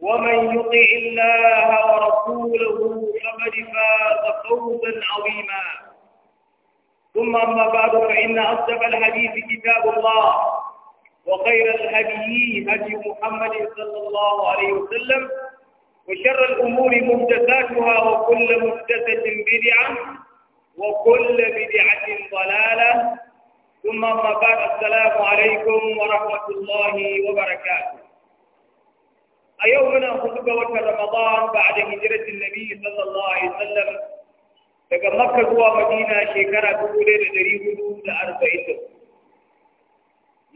ومن يطع الله ورسوله فقد فاز فوزا عظيما ثم أما بعد فإن أصدق الحديث كتاب الله وخير الهدي هدي محمد صلى الله عليه وسلم وشر الأمور محدثاتها وكل محدثة بدعة وكل بدعة ضلالة ثم أما بعد السلام عليكم ورحمة الله وبركاته a yau muna hudu ga watan Ramadan ba da hijiratin Nabi sallallahu alaihi wasallam daga Makka zuwa Madina shekara 1440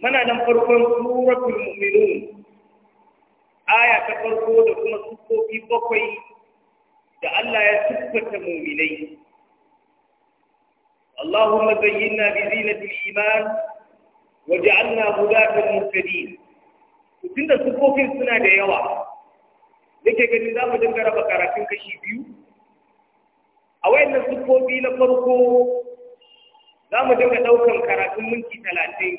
muna nan farkon suratul mu'minun aya ta farko da kuma sukoki bakwai da Allah ya siffata mu'minai اللهم زينا بزينة الإيمان وجعلنا هداة مهتدين tun da sufofin suna da yawa nake gani za mu dinga raba karatun kashi biyu a wayannan sufofi na farko za mu dinga ɗaukan karatun minti talatin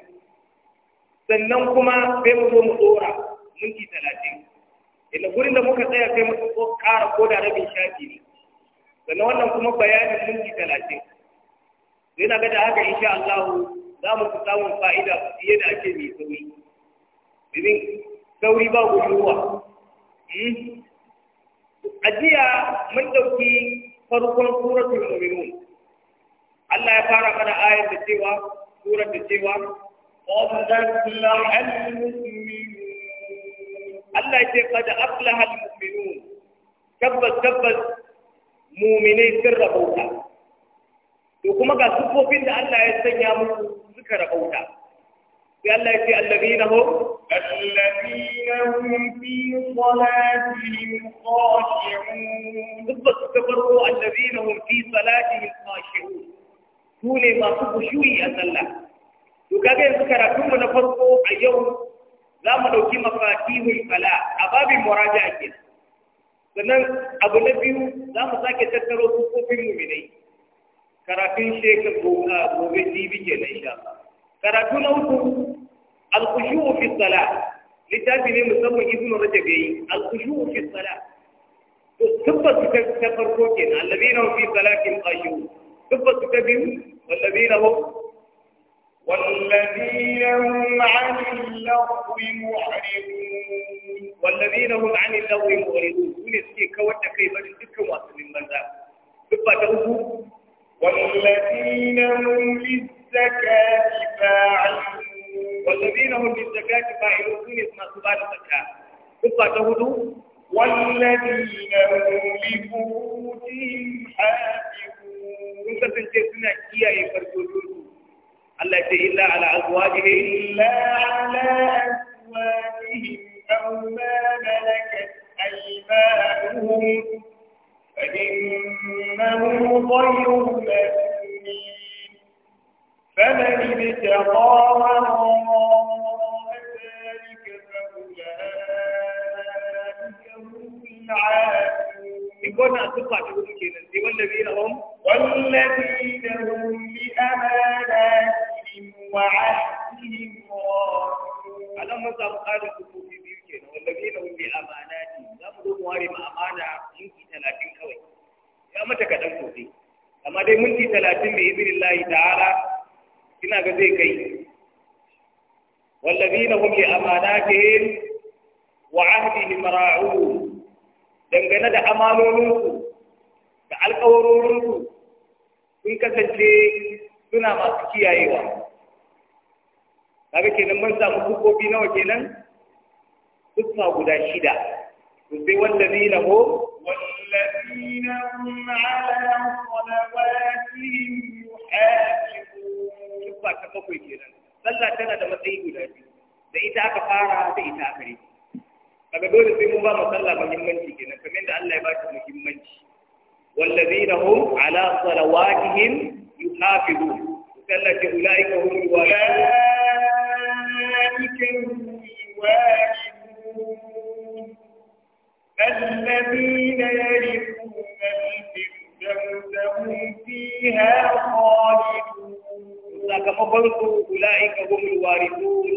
sannan kuma sai mu zo mu ɗora minti talatin inda gurin da muka tsaya sai mu ƙara ko da rabin shafi ne sannan wannan kuma bayanin minti talatin sai na ga da haka insha Allah za mu fi samun fa'ida fiye da ake mai sauri domin sauri ba gudunwa hmm? a jiya mun ɗauki farkon suratul mu'minun Allah ya fara mana ayar da cewa surar da cewa Allah ya ce kada aflaha al-mu'minun tabbas tabbas mu'minai sun rabauta to kuma ga sufofin da Allah ya sanya musu suka rabauta sai Allah ya ce allazina hum الذين هم في صلاتهم خاشعون بالضبط تبروا الذين هم في صلاتهم خاشعون سوني ما خشوعي أسلا وكذا ذكرتم نفرقوا اليوم za mu ɗauki mafatihul fala a babin muraja ke sannan abu na biyu za mu sake tattaro sufofin muminai karatun shekar gobe dibi ke na karatu na uku الخشوع في الصلاة لتابي لي مسمى ابن رجبي الخشوع في الصلاة تثبت تفرقين الذين هم في صلاة قيوم تثبت تبين والذين هم والذين هم عن اللغو محرمون والذين هم عن اللغو محرمون كل شيء كوت كيف تلك واصل من ذا ثبت والذين هم للزكاة فاعلون والذين هم بالزكاة فاعلون ما سبال الزكاة قصة تهدو والذين هم لفوتهم حافظون كسنت سنة كيا يفرجون الله إلا على أزواجه إلا على أزواجهم أو ما ملكت أيمانهم فإنه غير مسلم فمن ابتغى وراء ذلك فأولئك هم العادون والذين هم والذين هم لأماناتهم وعهدهم راجعون أنا ما سأقال كتب biyu kenan wallazina hum bi amanati za mu zo mu ware ma amana minti talatin kawai ya mata kaɗan sosai dai minti talatin bi idinillahi ta'ala ina ga zai kai wallazina hum li amanatihim wa ahdihim ra'un dangane da amalolin da alƙawarorin sun kasance suna masu kiyayewa kaga kenan mun samu kukofi nawa kenan kusa guda shida to sai wallazina hum wallazina hum ala salawatihim yuhafi kutuba ta bakwai kenan sallah tana da matsayi guda biyu da ita aka fara da ita aka rike kaga dole sai mun ba mu sallah muhimmanci kenan kamar yadda Allah ya ba ta muhimmanci wallazina hum ala salawatihim yuhafizun sallah ta ulaika hum الوارثون الذين يرثون الفردوس هم فيها خالدون sakamakon su ula'ika humul warithun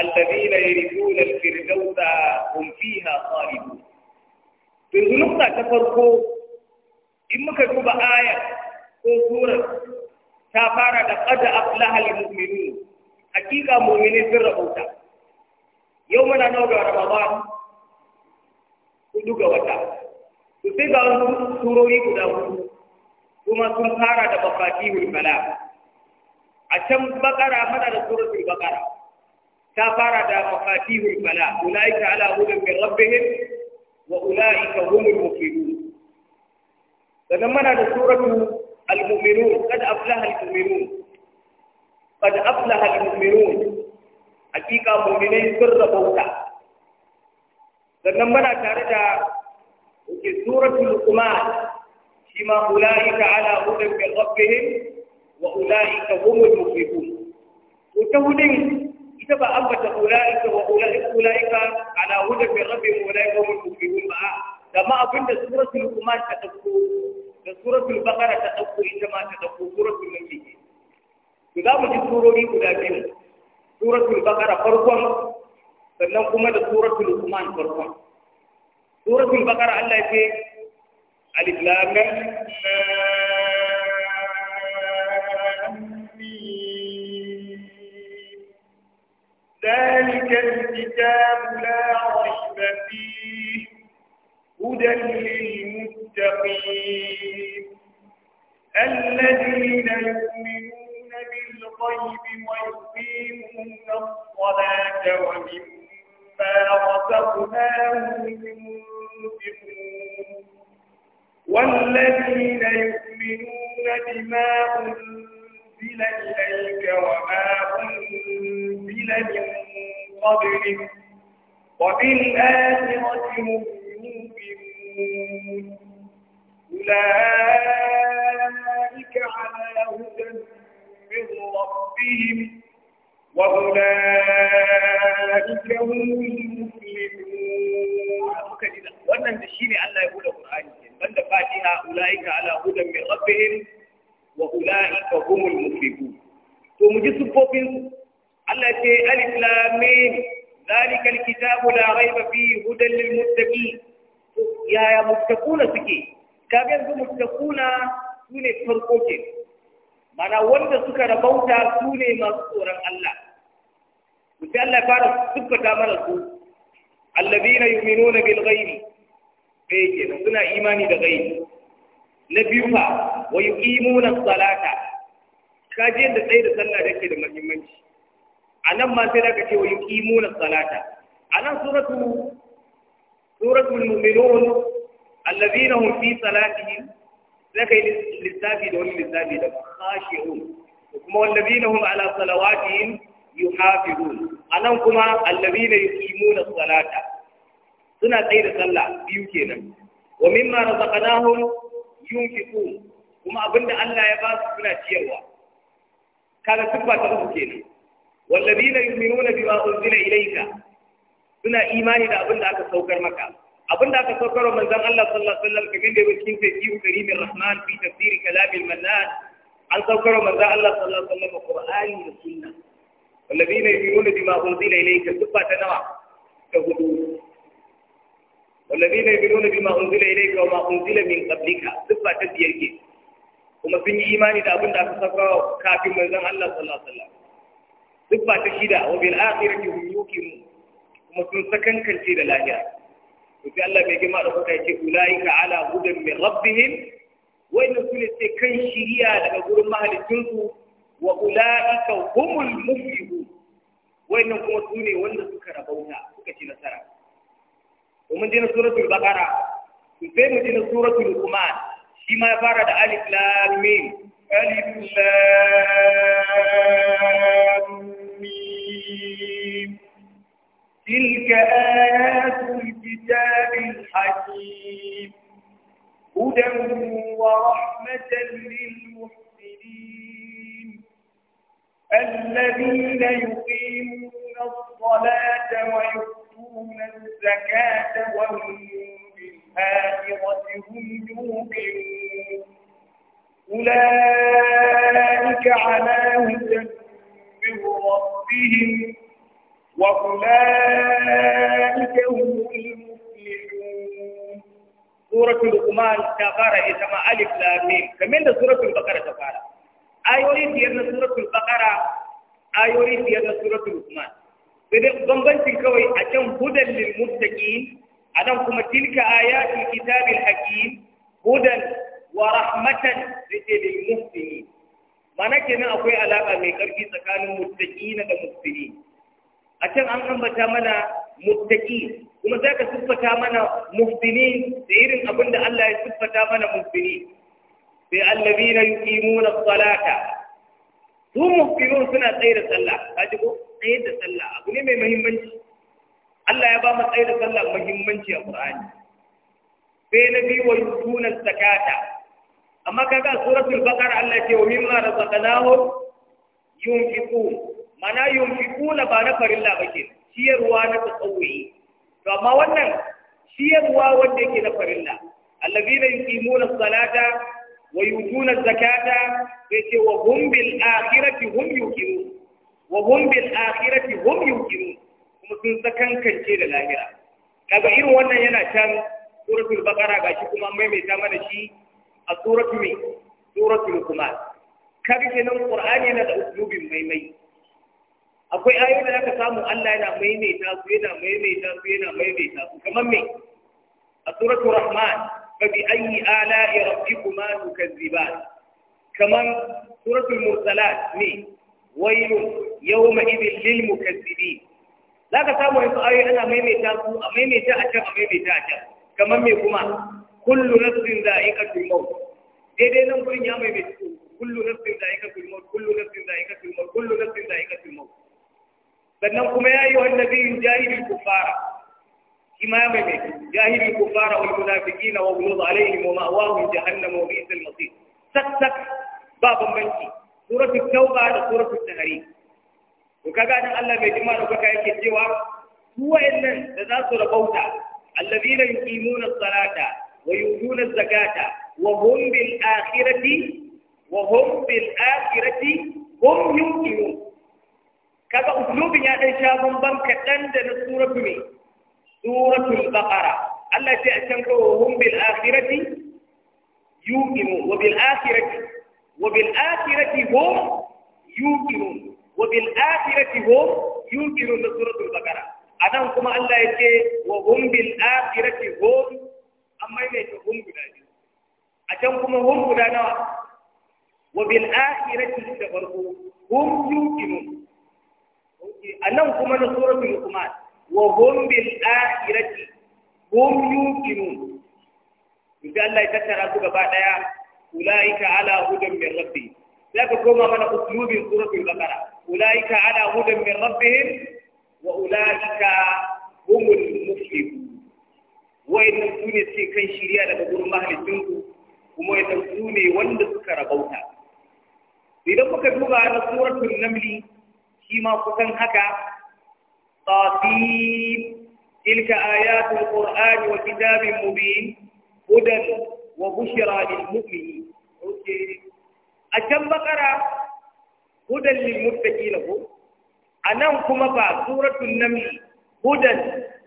alladhina yarithuna al-firdausa hum fiha khalidun to yanzu ta farko in muka duba aya ko surar ta fara da qad aflaha al-mu'minun hakika mu'mini sun rabuta yau muna nawa ga ramadan hudu ga wata to sai ga wasu surori guda hudu kuma sun fara da mafatihul bala a can bakara mana da suratul bakara ta fara da mafatihul bala ulaika ala hudan min rabbihim wa ulaika humul muflihun sannan mana da suratul al-mu'minun qad aflaha al-mu'minun aflaha أفلح المؤمنون حقيقة مؤمنين سر بوتا sannan mana tare da suratul qumar shi ma ulaika ala hudan min rabbihim wa ulaika humul muflihun to ta hudin ita ba an ambata ulaika wa ulaika ala hudan min rabbihim ulaika humul muflihun ba da ma abinda suratul luqman ta dauko da suratul baqara ta dauko ita ma ta dauko suratul mulk to za mu ji surori guda biyu suratul baqara farkon sannan kuma da suratul luqman farkon suratul baqara Allah ya ce alif lam mim ذلك الكتاب لا ريب فيه هدى للمتقين الذين يؤمنون بالغيب ويقيمون الصلاة ومما رزقناهم ينفقون والذين يؤمنون بما أنزل أنزل إليك وما أنزل من قبلك وبالآخرة هم يوقنون أولئك على هدى من ربهم وأولئك هم المفلحون wannan da shine Allah ya bude Qur'ani banda Fatiha ulaika ala hudan min rabbihim wa ka humul muflihun to mu ji sufofin Allah ce alif lam mim zalika alkitabu la raiba fi hudan lil muttaqin ya ya muttaquna suke kaga yanzu muttaquna sune farko ke mana wanda suka rabauta sune masu tsoron Allah mutum Allah fara sukkata mana su allazina yu'minuna bil ghaibi eh kenan suna imani da ghaibi na biyu fa wa yuqimuna salata je da tsaye da sallah da ke da muhimmanci anan ma sai daga ce wa yuqimuna salata anan suratu suratul mu'minun alladhina hum fi salatihim zaka lissafi da wani lissafi da khashi'un kuma wallazina hum ala salawatihim yuhafizun anan kuma allazina yuqimuna salata suna tsaye da sallah biyu kenan wa mimma razaqnahum yunfiqun kuma abinda Allah ya ba su suna ciyarwa kaga siffa ta uku kenan wallazina yu'minuna bima unzila ilayka suna imani da abinda aka saukar maka abinda aka saukar wa manzon Allah sallallahu alaihi wasallam kamar da yake cikin tafsir Karimir Rahman fi tafsir kalam al-Mannan an saukar wa manzon Allah sallallahu alaihi wasallam Qur'ani da Sunna wallazina yu'minuna bima unzila ilayka siffa ta nawa ta hudu والذين يؤمنون بما أنزل إليك وما أنزل من قبلك صفة تبيرك kuma sun yi imani da abin da aka saka kafin manzon Allah sallallahu alaihi wasallam duk ba ta shida wa bil akhirati hum yuqinun kuma sun sakankance da lahira to sai Allah bai gima da kuka yace ulaika ala hudan min rabbihim wa inna kullu sai kan shiriya daga gurin mahalicin su wa ulaika humul muflihun wa inna kuma sune wanda suka rabauta suka ci nasara Kuma ومن دين سورة البقرة وفي مدينة سورة القمان فيما فرد ألف لام ميم ألف لام ميم تلك آيات الكتاب الحكيم هدى ورحمة للمحسنين الذين يقيمون الصلاة ويؤتون الزكاة وهم بالآخرة هم يوقنون أولئك على هدى من ربهم وأولئك هم المفلحون سورة لقمان تفارة كما ألف لامين كمان سورة البقرة تفارة آيوري ديالنا سورة البقرة آيوري ديالنا سورة لقمان sai dai bambancin kawai هدى can anan kuma tilka ayatul kitabil hakim hudan wa rahmatan lil muhsinin mana kenan akwai alaka mai karfi tsakanin muttaqina da muhsinin a can an ambata mana muttaqi kuma zaka siffata mana muhsinin da irin abin da Allah ya siffata mana muhsinin sai allazina yuqimuna as-salata su muhsinun suna tsayar da sallah kaji ko tsayar da sallah abu ne mai muhimmanci Allah ya ba mu tsaye da sallah muhimmanci a Qur'ani sai na biyu wa yutuna zakata amma kaga suratul baqara Allah ce wa mimma razaqnahum yunfiqun mana yunfiquna ba na farilla bake ciyarwa na tsawuyi to amma wannan ciyarwa wanda yake na farilla allazina yuqimuna salata wa yutuna zakata sai ce wa hum bil akhirati hum yuqinun wa hum bil akhirati hum yuqinun kuma sun sakankance da lahira kaga irin wannan yana can suratul baqara gashi kuma maimaita mana shi a suratul mai suratul kumar kaga kenan qur'ani yana da uslubin maimai akwai ayoyi da aka samu Allah yana maimaita su yana maimaita su yana maimaita su kamar me a suratul rahman fa bi ayyi ala'i rabbikuma tukazziban kamar suratul mursalat ne wailun yawma idhil za ka samu yanzu ayoyi ana maimaita su a maimaita a can a maimaita a can kamar mai kuma kullu nafsin za'iqatul maut daidai nan gurin ya maimaita su kullu nafsin za'iqatul maut kullu nafsin za'iqatul maut kullu nafsin za'iqatul maut sannan kuma ya yi wannan biyun jahilin kufara shi ma ya maimaita jahilin kufara wal munafiqina wa ghuluz ma wa ma'awahum jahannam wa bi'sal masir sak sak ba bambanci suratul tauba da suratul tahrim to kaga nan Allah mai jima da kuka yake cewa su wayannan da za su rabauta allazina yuqimuna as-salata wa yu'tuna az-zakata wa hum bil akhirati wa hum bil akhirati hum yuqinun kaga uslubin ya dan sha bamban kadan da na suratu ne suratul baqara Allah ce a can ko hum bil akhirati yuqinun wa bil akhirati wa bil akhirati hum yuqinun wa bil akhirati hum yuqirun da suratul baqara anan kuma Allah yake wa hum bil akhirati hum amma ne to hum guda ne a can kuma hum guda nawa wa bil akhirati da farko hum yuqirun anan kuma na suratul luqman wa hum bil akhirati hum yuqirun Idan Allah ya tattara su gaba ɗaya, ula'ika ala hudan min rabbihim ذاك كما من أسلوب سورة البقرة أولئك على هدى من ربهم وأولئك هم المفلحون وإن سوني سيكون شريعة لبقول مهل الجنة وما يتوسوني وند سكر إذا كنت على سورة النمل فيما كتن حكا طاسين تلك آيات القرآن وكتاب مبين هدى وبشرى للمؤمنين أوكي a can bakara hudan lil muttaqina ko anan kuma ba suratul naml hudan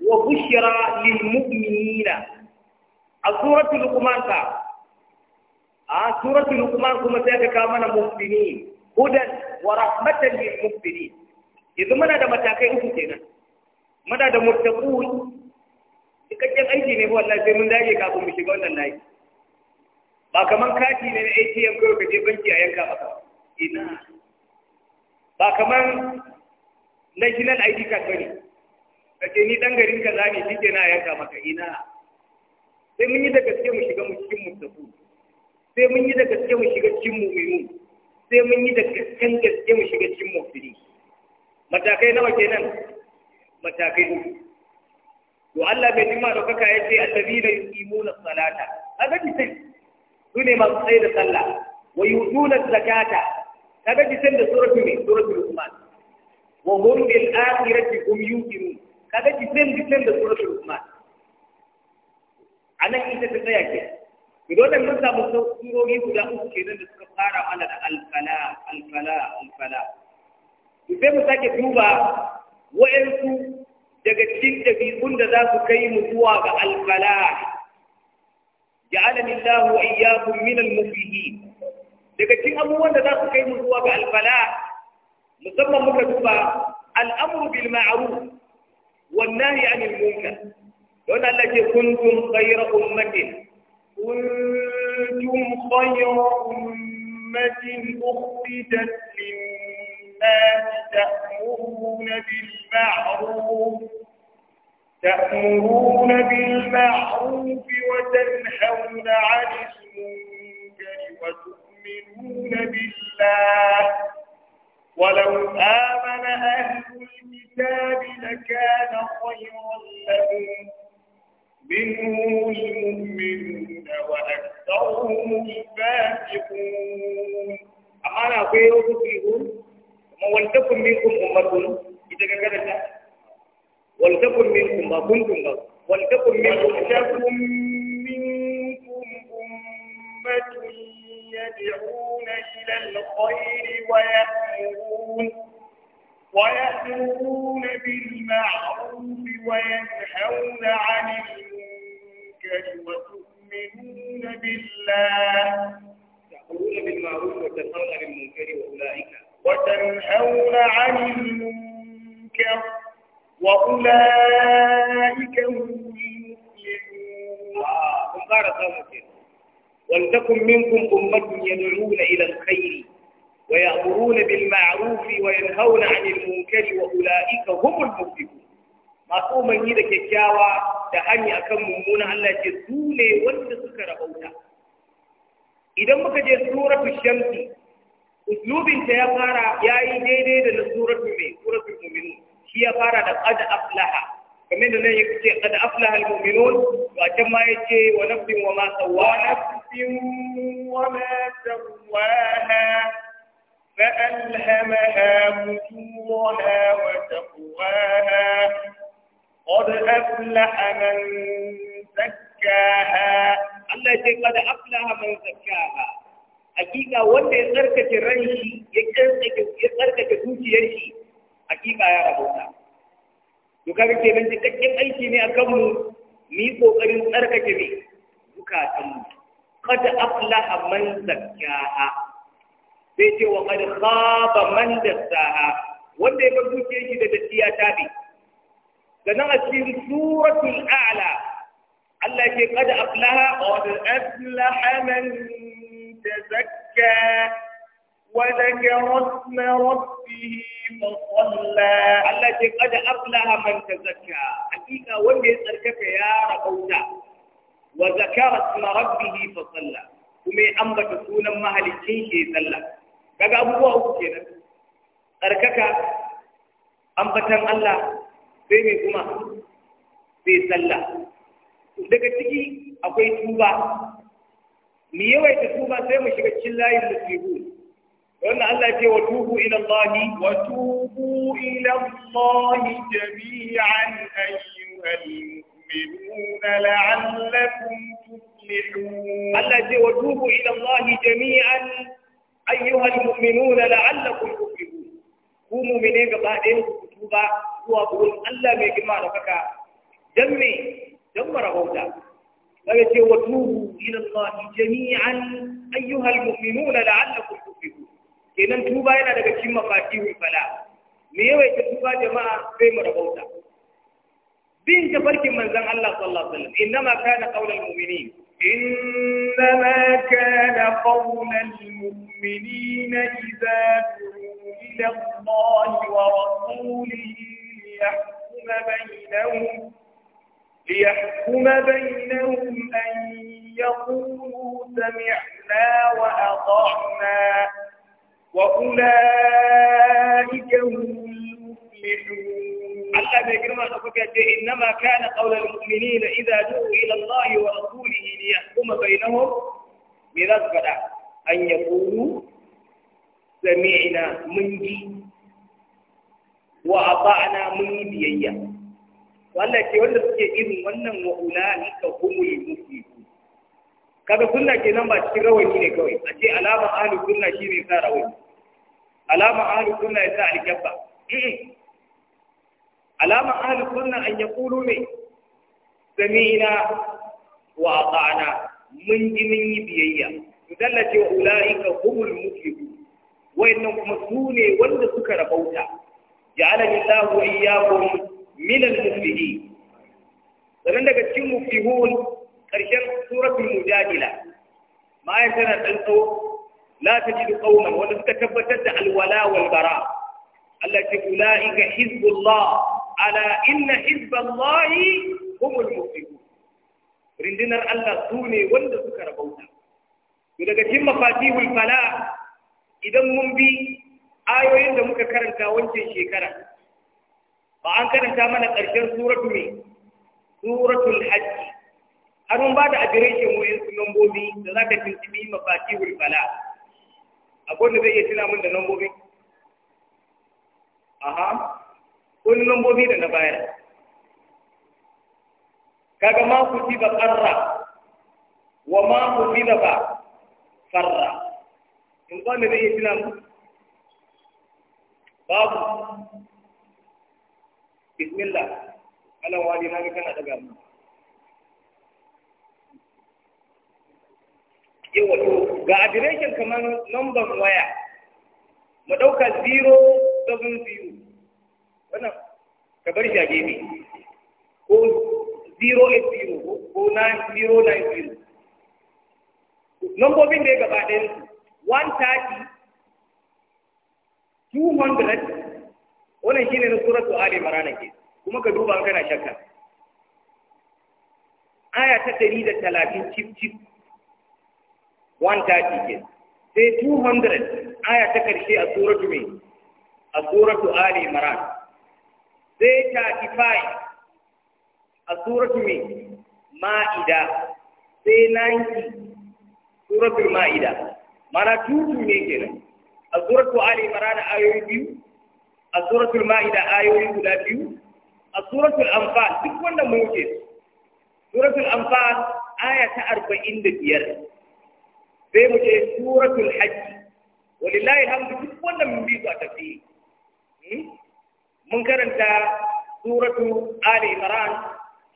wa bushra lil mu'minina a suratul luqman ta a suratul luqman kuma sai ka kawo mana mu'minin hudan wa rahmatan lil mu'minin yanzu muna da matakai uku kenan muna da muttaqun cikakken aiki ne wallahi sai mun dage kafin mu shiga wannan layi ba kaman kati ne na ATM kawai ka je banki a yanka maka ina ba kaman national ID card bane ka ce ni dan garin kaza ne shi ke na yanka maka ina sai mun yi da gaske mu shiga mu cikin mu tafu sai mun yi da gaske mu shiga cikin mu mai mu sai mun yi da gasken gaske mu shiga cikin mu fili matakai nawa kenan matakai uku to Allah bai nima da kaka yace allazina yuqimuna salata kaga bi sai su ne masu tsaye da sallah wa yutuna zakata kaga kisan da suratul mai suratul usman wa hum bil akhirati hum ka ga kisan kisan da suratul usman anan ita ta tsaya ke idan mun samu surori guda uku kenan da suka fara mana da alfala alfala alfala sai mu sake duba wa'ansu daga cikin ɗabi'un da za su kai mu zuwa ga alfala ja'alani Allah wa iyyakum min al-muflihin daga cikin abubuwan da za su kai mu zuwa ga al-fala musamman muka duba al-amru bil ma'ruf wan nahyi 'anil munkar don Allah ke kuntum khayra ummatin kuntum khayra ummatin ukhrijat lin-nas ta'muruna bil ma'ruf تأمرون بالمعروف وتنهون عن المنكر وتؤمنون بالله ولو آمن أهل الكتاب لكان خيرا لهم منهم المؤمنون وأكثرهم الفاسقون أما أنا أقول لكم ولتكن منكم أمة إذا كانت ولتكن منكم ما كنتم بقى. ولتكن منكم ولتكن منكم أمة يدعون إلى الخير ويأمرون ويأمرون بالمعروف وينهون عن المنكر وتؤمنون بالله يأمرون بالمعروف وتنهون عن المنكر وأولئك وتنهون عن المنكر وأولئك هم المفلحون هم قال صامتين ولتكن منكم أمة يدعون إلى الخير ويأمرون بالمعروف وينهون عن المنكر وأولئك هم المفلحون masu umarni da kyakkyawa da hanya akan mummuna Allah ce su ne wanda suka rabauta idan muka je suratul shamsi uslubin ta ya fara yayi daidai da na mai shi ya fara da qad aflaha kamar da nan ya ce qad aflaha almu'minun to a can ma ce wa nafsin wa ma sawaha wa ma sawaha فألهمها فجورها وتقواها قد أفلح من زكاها التي قد aflaha man زكاها hakika wanda ya tsarkake ranshi ya tsarkake zuciyar shi hakika ya rabauta to kaga ke bin cikakken aiki ne akan mu mu yi kokarin tsarkake ne zukatan mu qad aflaha man zakkaha sai ce wa qad khaba man dassaha wanda ya bar dukiyar shi da dattiya ta bi sannan a cikin suratul a'la Allah ke qad aflaha wa qad aflaha man tazakka وذكر اسم ربه فصلى التي قد أفلح من تزكى حقيقة وندي تركك يا ربوتا وذكر اسم ربه فصلى ومي أنبت سونا مهل الشيء صلى كذا أبوه أبو كنا تركك أنبتن الله sai mai kuma sai sallah daga ciki akwai tuba mu yawaita tuba sai mu shiga cikin layin musibu وأن الله يقول وتوبوا إلى الله وتوبوا إلى الله جميعا أيها المؤمنون لعلكم تفلحون الله يقول وتوبوا إلى الله جميعا أيها المؤمنون لعلكم تفلحون قوموا من إيه قبائل وتوبة وأقول الله ما يجمع فكا جمي جمع ربك الله يقول وتوبوا إلى الله جميعا أيها المؤمنون لعلكم kenan tuba yana daga cikin mafatihul fala me yawa ke tuba jama'a sai mu rabauta bin tafarkin manzon Allah sallallahu alaihi wasallam innama kana qaulul mu'minin إنما كان قول المؤمنين إذا دعوا إلى الله ورسوله ليحكم بينهم ليحكم بينهم أن يقولوا سمعنا وأطعنا وأولئك هم المفلحون الله بيكرم أخوك إنما كان قول المؤمنين إذا دعوا إلى الله ورسوله ليحكم بينهم بذلك أن يقولوا سمعنا منجي وأطعنا مني بيئة والله كي ولا سكي إذن ونن وأولئك هم المفلحون kaga sunna kenan ba cikin rawani ne kawai a ce alama ahli sunna ne sa rawani alama ahli sunna ya sa alkabba alama ahli sunna an yaqulu ne. sami'na wa ata'na mun ji mun yi biyayya dalla ce wa ulaika humul muflihun wayannan kuma su ne wanda suka rabauta ja'alani Allahu wa iyyakum minal muflihin sannan daga cikin muflihun ƙarshen suratul mujadila ma ya tana ɗan tsawo la ta ji qauman wanda suka tabbatar da alwala wal bara Allah ce ulaika hizbullah ala inna hizballahi humul muflihun rindinar Allah su ne wanda suka rabauta to daga cikin mafatihul fala idan mun bi ayoyin da muka karanta wancan shekara ba an karanta mana ƙarshen suratu ne suratul hajji an ba da adireshin wayan su nambobi da za ka tuntubi mafati wulfala A da zai iya tuna min da nambobi aha wani nambobi da na bayar kaga ma ku ba karra wa ma ku ba farra in ba zai iya tuna min babu bismillah Allah na ga kana daga mu yawa to ga adireshin kamar number waya mu ɗauka 070 wannan ka bar shi a gefe ko 080 ko 090 lambobin da ya gaba ɗayan su 130 200 wannan shine na suratu ali imran ke kuma ka duba an kana shakka aya ta 130 cif cif 130 ke sai 200 aya ta karshe a suratu mai a suratu ali imran sai 35 a suratu mai ma'ida sai 90 suratul ma'ida mana tutu ne kenan a suratu ali imran ayoyi biyu a suratul ma'ida ayoyi guda biyu a suratul anfal duk wanda mu wuce suratul anfal aya ta 45 sai mu je suratul hajj walillahi alhamdu duk wannan mun bi a tafi hmm? mun karanta suratu ali imran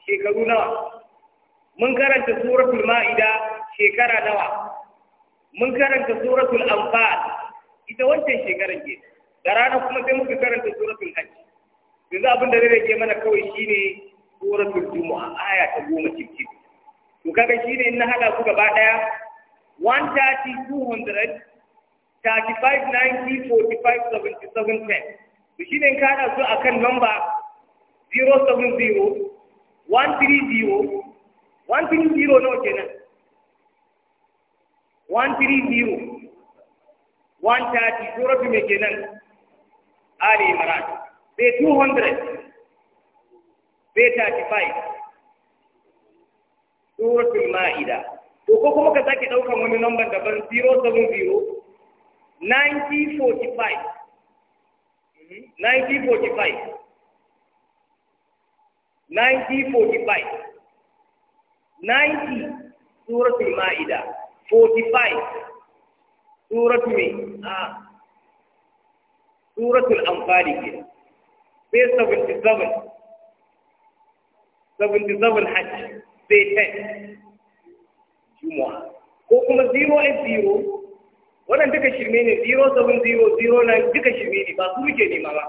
shekaru nawa mun karanta suratul ma'ida shekara nawa mun karanta suratul anfal ita wancan shekaran ke da rana kuma sai muka karanta suratul hajj yanzu abin da zai ke mana kawai shine suratul jumu'a aya ta goma cikin to kaga shine in na hada ku gaba daya 130, 200, 35, 90, 45, To shi ne kada su a kan namba 070, 130, 130 nawa kenan. 130, 130, surafi mai kenan. Ali Imran. Sai 200, sai 35. Suratul Ma'ida. to ko kuma ka sake ɗaukan wani number daban 070 1945 1945 1945 90 suratul ma'ida 45 suratu me a ah. suratul anfali ke sai 77 77 hajj sai 10 Kuma, ko kuma 080 wannan duka shirme ne 07009 duka shirme ne ba su muke nema ba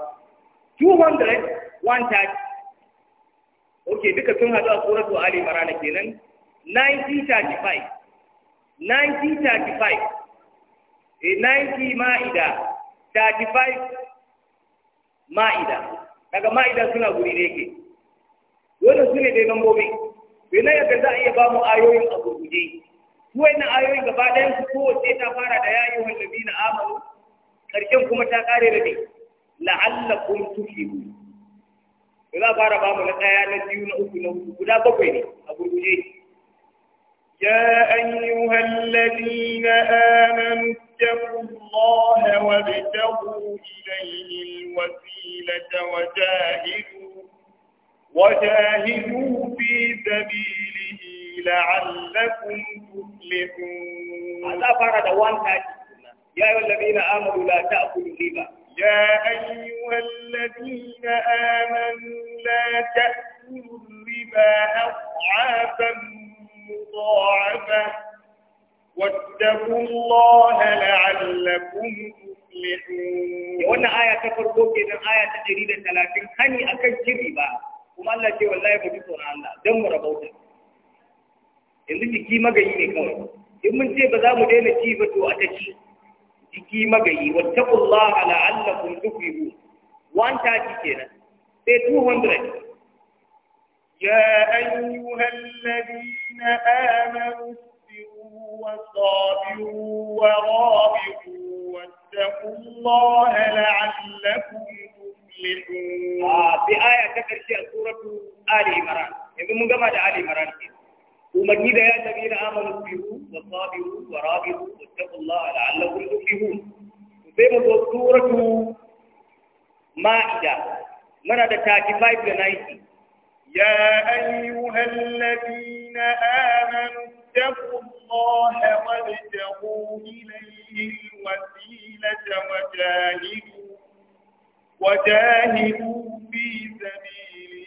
200 130 ok duka sun haɗu a suratu Ali Imran kenan 1935 1935 90 ma'ida 35 ma'ida daga ma'ida suna guri ne yake wannan su ne dai lambobi bai na yadda za a iya ba mu ayoyin a wannan ayoyin gaba ɗayan su kowace ta fara da yayi wallabi na amalu ƙarshen kuma ta ƙare da ne la'allakum tuflihun to za fara ba mu na ɗaya na biyu na uku na hudu guda bakwai ne a gurguje يا أيها الذين آمنوا اتقوا الله وابتغوا إليه الوسيلة وجاهدوا وجاهدوا في سبيله لعلكم تفلحون هذا فرد وان يا أيها الذين آمنوا لا تأكلوا الربا يا أيها الذين آمنوا لا تأكلوا الربا أضعافا مضاعفة واتقوا الله لعلكم تفلحون wannan aya ta بوكي من آية ta 130 hani أكل shirri وما kuma Allah ce wallahi ba ji tsoron yanzu jiki magayi ne kawai in mun ce ba za mu daina ci ba to a ta ci jiki magayi wattaqullaha la'allakum tuflihun wan ah, ta ci kenan sai 200 يا أيها الذين آمنوا اصبروا وصابروا ورابطوا واتقوا الله لعلكم تفلحون. آه في آية تكرشي سورة آل عمران. يقول من قبل آل عمران كده. ومجيد يا الذين آمنوا اصبروا وصابروا ورابطوا واتقوا الله لعلكم تفلحون زي ما تقول سورة مائدة من هذا تاكي فايف لنايتي يا أيها الذين آمنوا اتقوا الله وابتغوا إليه الوسيلة وجاهدوا وجاهدوا في سبيله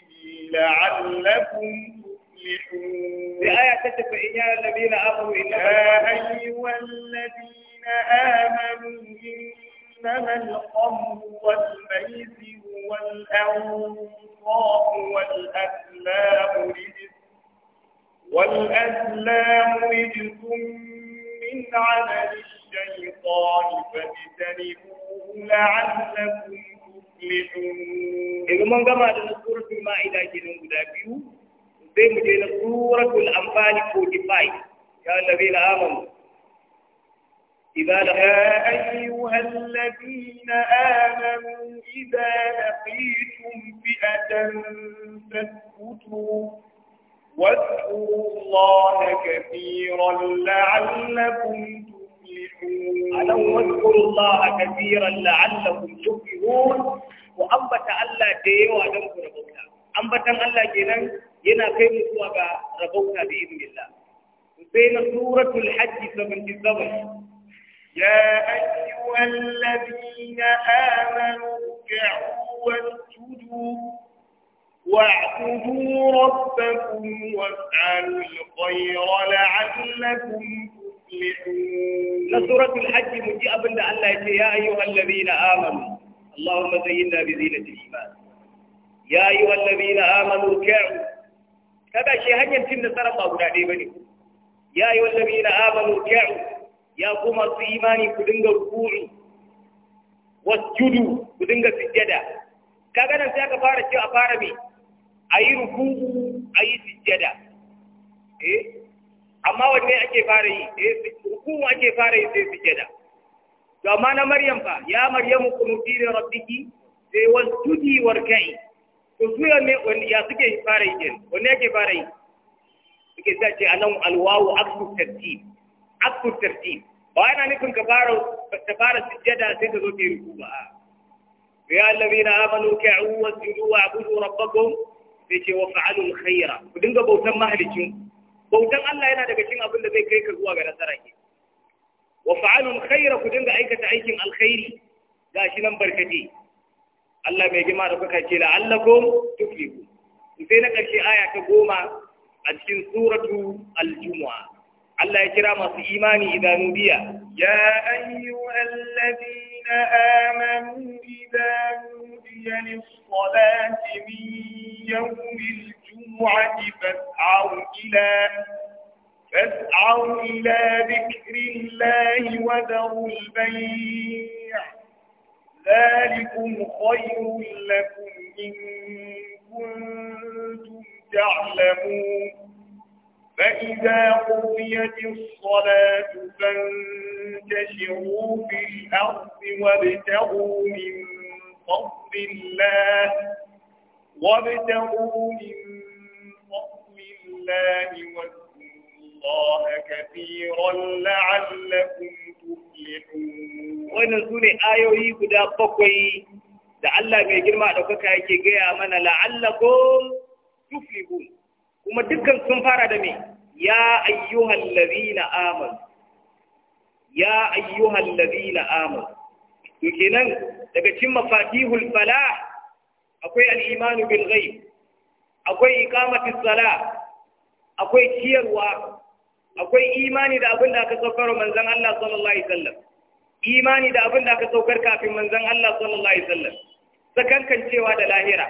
لعلكم تفلحون بآية تتبعين يا الذين آمنوا يا أيها الذين آمنوا إنما الخمر والميسر والأنصاب والأسلام رجس من عمل الشيطان فاجتنبوه لعلكم تفلحون. إذا من قرأ سورة المائدة كنا sai mu سورة الأنفال suratul anfali 45 ya allazina amanu إذا يا أيها الذين آمنوا إذا لقيتم فئة فاسكتوا واذكروا الله كثيرا لعلكم تفلحون ألو واذكروا الله كثيرا لعلكم تفلحون وأنبت ألا ديوا دمكم ربك أنبت ألا جنان yana kai mu zuwa ga rabauta bi idnillah sai na suratul hajj 77 ya ayyuhal ladina amanu irji'u واعبدوا ربكم وافعلوا الخير لعلكم تفلحون سورة الحج مجيء بن الله يا أيها الذين آمنوا اللهم زينا بزينة الإيمان يا أيها الذين آمنوا اركعوا kada shi hanyar cin nasara ba guda ɗaya bane ya yi wallabi na amanu ya'u ya kuma su imani ku dinga ruku'i wasjudu ku dinga sujjada kaga nan sai aka fara cewa a fara me ayi ruku'u ayi sujjada eh amma wanne ake fara yi eh ruku'u ake fara yi sai sujjada to amma na maryam fa ya maryamu kunu li rabbiki sai wasjudi warka'i to su ya wani ya suke fara yi kenan wani yake fara yi suke sa ce anan alwawu aksu tartib aksu tartib ba yana nufin ka fara ka fara sujjada sai ka zo ke yi ruku ba ya allazina amanu ka'u wa abudu rabbakum sai ce wa fa'alu khaira ku dinga bautan mahalicin bautan Allah yana daga cikin abin da zai kai ka zuwa ga nasara ke wa fa'alu khaira ku dinga aikata aikin alkhairi gashi nan barkaje Allah mai gima da kuka ce la'allakum tuflihu sai na ƙarshe aya ta goma a cikin suratu al Allah ya kira masu imani idan biya. ya ayyuhal ladina amanu idan nudiya lis-salati min yawmil jumu'ati fas'au ila فاسعوا إلى ذكر الله ذلكم خير لكم إن كنتم تعلمون فإذا قضيت الصلاة فانتشروا في الأرض وابتغوا من فضل الله وابتغوا من فضل الله واذكروا الله كثيرا لعلكم wannan su ne ayoyi guda bakwai da Allah mai girma ɗaukaka yake gaya mana la'allakum tuflihun kuma dukkan sun fara da me ya ayyuhal ladina amanu ya ayyuhal ladina amanu to kenan daga cikin mafatihul falah akwai al-imanu bil ghaib akwai iqamatis Sala, akwai kiyarwa akwai imani da abin da aka saukar manzan Allah sallallahu alaihi sallam. imani da abin da aka saukar kafin manzan Allah sallallahu alaihi wasallam sakankancewa da lahira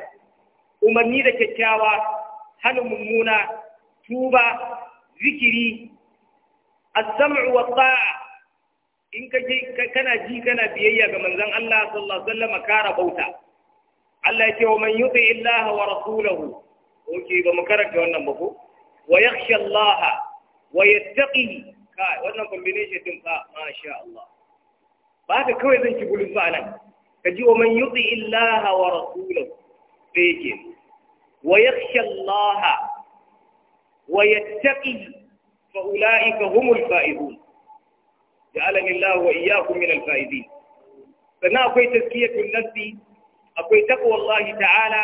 umarni da kyakkyawa hana mummuna tuba zikiri as-sam'u wa ta'a in ka ji kana ji kana biyayya ga manzan Allah sallallahu alaihi wasallam kara bauta Allah ya ce wa man yuti illaha wa rasulahu oke ba mu karanta wannan ba ko wa yakhsha Allah wa yattaqihi kai wannan combination din fa masha Allah ba ka kawai zan ki gulun ba nan ka ji wa man yuti illaha wa rasulahu da yake wa yakhsha Allah wa yattaqihi fa ulaika humul faizun ja'alani Allah wa iyyakum min al faizin sannan akwai tazkiyatun nafsi akwai taqwa Allah ta'ala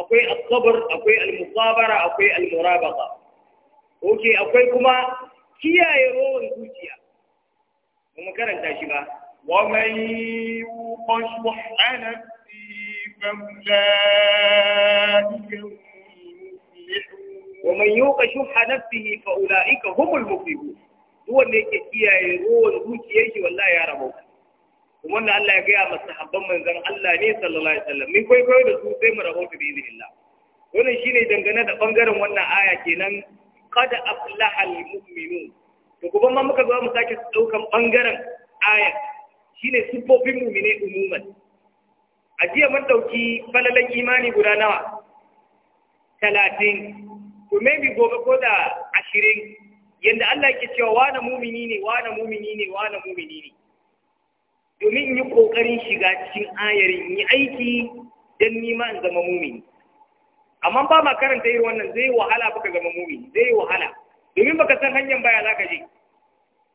akwai as-sabr akwai al-musabara akwai al-murabaqa ok akwai kuma kiyaye rowan zuciya ba mu karanta shi ba ومن يوق شح نفسه فأولئك هم ومن يوق شح نفسه ka هم المفلحون duk wanda yake kiyaye rohon zuciyar shi wallahi ya rabo kuma wanda Allah ya gaya masa habban manzon Allah ne sallallahu alaihi wasallam mai kwaikwayo da su sai mu rahoto da bi idinillah wannan shine dangane da bangaren wannan aya kenan kada al-mu'minu to gobe mun muka zo mu sake daukan bangaren aya shine sifofin mu'mine umuman a jiya mun dauki falalan imani guda nawa talatin to maybe gobe ko da ashirin yadda Allah ke cewa wane mumini ne wane mumini ne na mumini ne domin yi ƙoƙarin shiga cikin ayarin yi aiki don nima in zama mumini amma ba ma karanta irin wannan zai wahala baka zama mumi zai wahala domin baka san hanyar baya za ka je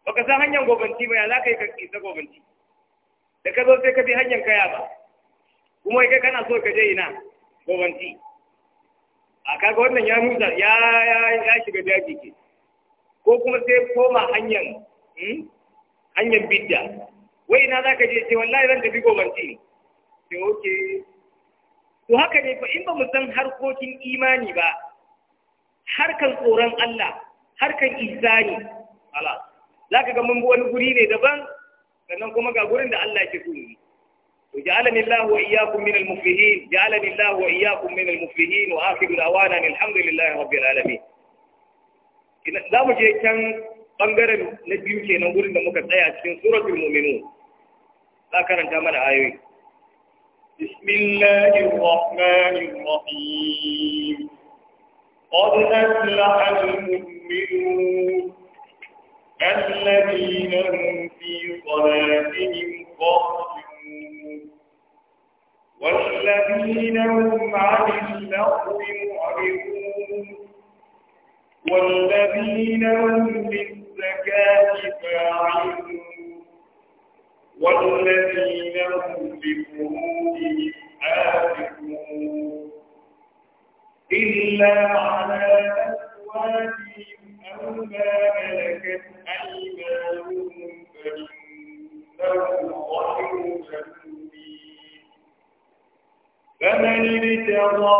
baka san hanyar gobanci baya za ka yi ka isa gobanci da ka zo sai ka bi hanyar kaya ba kuma kai kana so ka je ina gobanci a kaga wannan ya musa ya ya shiga daji ke ko kuma sai koma hanyar hmm? hanyar bidda wai ina za ka je ce wallahi zan tafi gobanci ne sai oke To haka ne fa in ba mu san harkokin imani ba, harkan tsoron Allah, harkan isani, Allah, za ka ga mun wani guri ne daban, sannan kuma ga gurin da Allah ke so ne. To ja'alani Allah wa iyyakum min al-muflihin, ja'alani Allah wa iyyakum min al-muflihin wa akhiru da'wana alhamdulillahi rabbil alamin. Za mu je can bangaren na biyu kenan gurin da muka tsaya cikin suratul mu'minun. Za karanta mana ayoyi. بسم الله الرحمن الرحيم قد أفلح المؤمنون الذين هم في صلاتهم خاشعون والذين هم عن اللغو معرضون والذين هم للزكاة فاعلون والذين هم بفروجهم حافظون إلا على أزواجهم أو ما ملكت أيمانهم فإنهم غير ملومين فمن ابتغى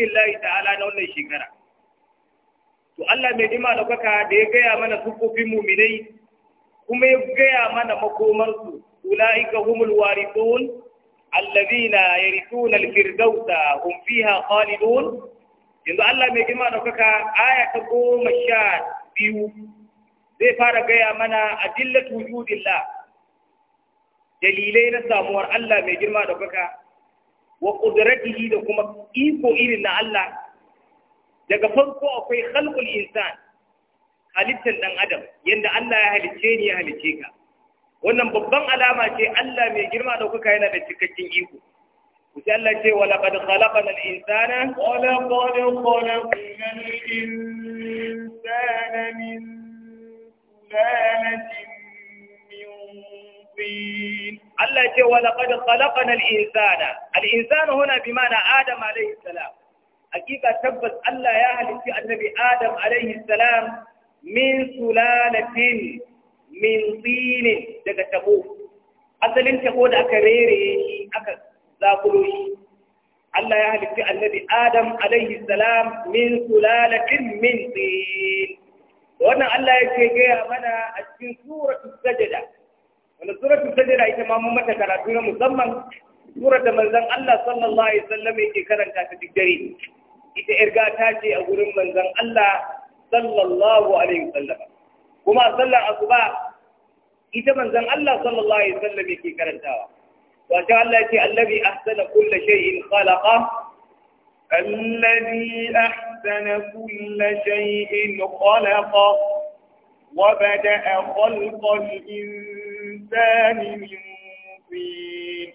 izinin ta'ala na wannan shekara to Allah mai jima da baka da ya gaya mana sukufin muminai kuma ya gaya mana makomarsu ula'ika humul warithun allazina yarithuna al-firdausa hum fiha khalidun yanzu Allah mai girma da kuka aya ta goma sha biyu zai fara gaya mana adillatu wujudillah dalilai na samuwar Allah mai girma da kuka wa qudratihi da kuma iko irin na Allah daga farko akwai khalqul insan halittar dan adam yanda Allah ya halicce ni ya halicce ka wannan babban alama ce Allah mai girma da kuka yana da cikakken iko sai Allah ce wa laqad khalaqana al-insana wa laqad khalaqna al-insana min sulalatin min Allah ya ce wa laqad khalaqana al-insana al-insanu huna bi ma'ana adam alayhi salam hakika tabbas Allah ya halitti annabi adam alayhi salam min sulalatin min tinin daga tabo asalin tabo da aka rere shi aka zakulo shi Allah ya halitti annabi adam alayhi salam min sulalatin min tin wannan Allah ya ce gaya mana a cikin suratul sajda wanda suratul sajda ita ma mun mata karatu na musamman surar da manzon Allah sallallahu alaihi wasallam yake karanta ta duk dare ita irga ta ce a gurin manzon Allah sallallahu alaihi wasallam kuma sallar asuba ita manzon Allah sallallahu alaihi wasallam yake karantawa wato Allah ce allazi ahsana kulli shay'in khalaqa الذي أحسن كل شيء خلقه وبدأ خلق الإنسان الإنسان من مبين